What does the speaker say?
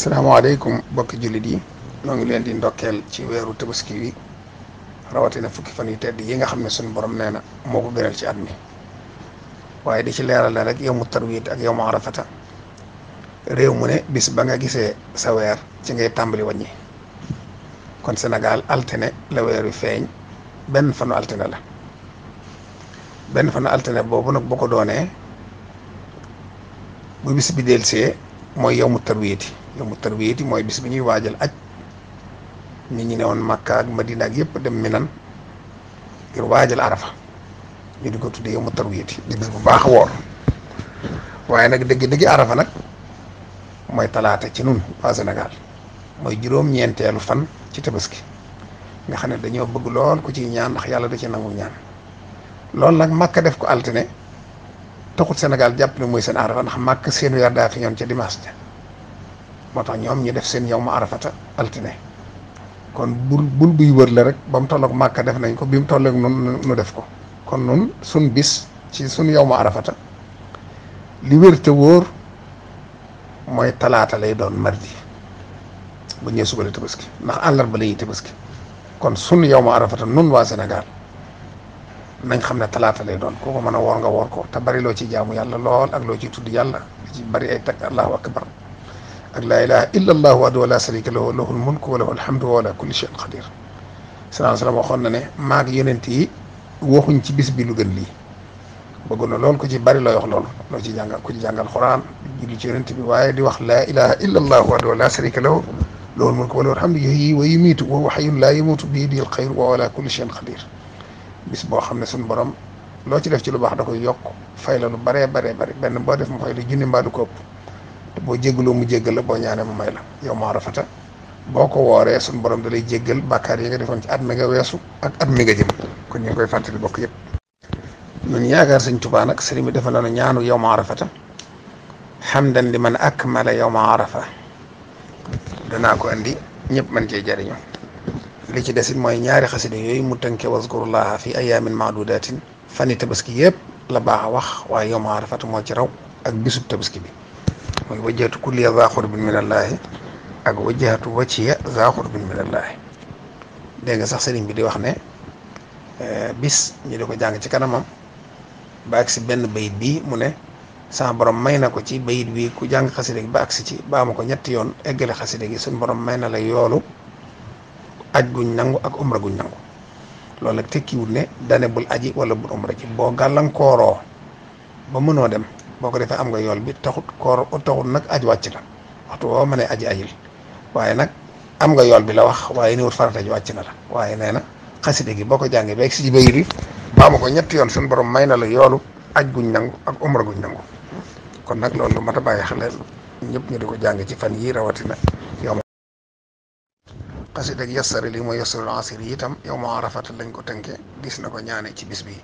asalaamaaleykum bokki jullit yi ñoo ngi leen di ndokkeel ci weeru tabaski wi rawatina fukki fan yu tedd yi nga xam ne suñu borom nee na moo ko gënal ci at mi waaye di ci leeral la rek yow mu tarwiit ak yow mu arafata réew mu ne bis ba nga gisee sa weer ci ngay tàmbali kon Sénégal altine la wi feeñ benn fanu altine la benn fanu altine boobu nag boo ko doonee bu bis mooy yow mu tarwiiti yow mu tarwiyati mooy bis bi ñuy waajal aj nit ñi ne woon Makka ak Madina ak yëpp dem Minan ngir waajal arafa ñu di ko tuddee yow mu tarwiyati di bu baax woor waaye nag dëgg dëgg arafa nag mooy talaata ci nun waa Sénégal mooy juróom-ñeenteelu fan ci tabaski nga xam ne dañoo bëgg lool ku ci ñaan ndax yàlla da ci nangu ñaan loolu nag Makka def ko altine taxul Sénégal jàpp ne mooy seen arafa ndax Makka seen weer daa fi ñoon ca dimanche moo tax ñoom ñu def seen yow ma arafata altine kon bul bul buy wër la rek ba mu tolloog màkka def nañ ko bi mu tolloog noonu nu def ko kon nun sun bis ci sun yow ma arafata li wér wóor mooy talaata lay doon mardi bu ñëwee suba la tabaski ndax àllarba lay tabaski kon sun yow ma arafata nun waa Sénégal nañ xam ne talaata lay doon kooku mën a woor nga woor ko te bari loo ci jaamu yàlla lool ak loo ciy tudd yàlla ci bari ay takk allahu akbar ak laa ilaha illa allahu wahdahu la sharika lahu lahul mulku wa lahul hamdu wa ala kulli shay'in qadir salaam salaam waxoon na ne maag yonent yi waxuñ ci bis bi lu gën lii bëggoon na lool ko ci bari looy wax loolu loo ci jàngal ku ci jàngal xuraan julli ci yonent bi waaye di wax laa ilaha illa allahu wahdahu la sharika lahu lahul mulku wa lahul hamdu yuhyi wa yumiitu wa huwa hayyun laa yamuutu bi yadihil khayru wa huwa ala kulli shay'in qadir bis boo xam ne suñu borom loo ci def ci lu baax da koy yokk fay la lu baree baree bari benn boo def mu fay la junni mbaa du ko ëpp boo jéggaloo mu jéggal la boo ñaanee mu may la yow maa rafata boo ko wooree suñu borom da lay jéggal bàkkaar yi nga defoon ci at mi nga weesu ak at mi nga jëm kon ñu ngi koy fàttali bokk yëpp. ñun yaakaar sëñ Tuubaa nag sëriñ bi dafa noonu ñaanu yow maa rafata xamdan li man akmala yow maa rafa danaa ko andi ñëpp man cee jariñu li ci desit mooy ñaari xasida yooyu mu tënke waskurullaha fi ayaamin maadudatin fanit tabaski yëpp la baax a wax waaye yow maa rafata moo ci raw ak bisu tabaski bi. muy wajjatu kulliya za xurbin min allaahi ak wajjatu wacciya za xurbin min allaahi dégg nga sax sëriñ bi di wax ne eh, bis ñu di ko jàng ci kanamam ba agsi benn bayit bi mu ne sama borom may na ko ci bayit bi ku jàng xasida gi ba agsi ci baamu ko ñetti yoon eggale xasida gi suñ borom may na la yoolu aj guñ nangu ak umra guñ nangu loolu nag tekkiwul ne dane bul aji wala bul umra ci boo gàllankooroo ba mënoo dem boo ko defee am nga yool bi taxut koor taxut nag aj wàcc na waxtu woo ma ne aji ajil waaye nag am nga yool bi la wax waaye ni wut farata ji wàcc na la waaye nee na xaside gi boo ko jàngee beeg si bayit yi baamu ko ñetti yoon suñu borom may na la yoolu aj guñ nangu ak umra guñ nangu kon nag loolu lu mat a bàyyi xale ñëpp ñu di ko jàng ci fan yii rawatina yow ma xaside gi yassari lii mooy yassarul asir yi itam yow ma arafata lañ ko tënkee gis na ko ñaane ci bis bi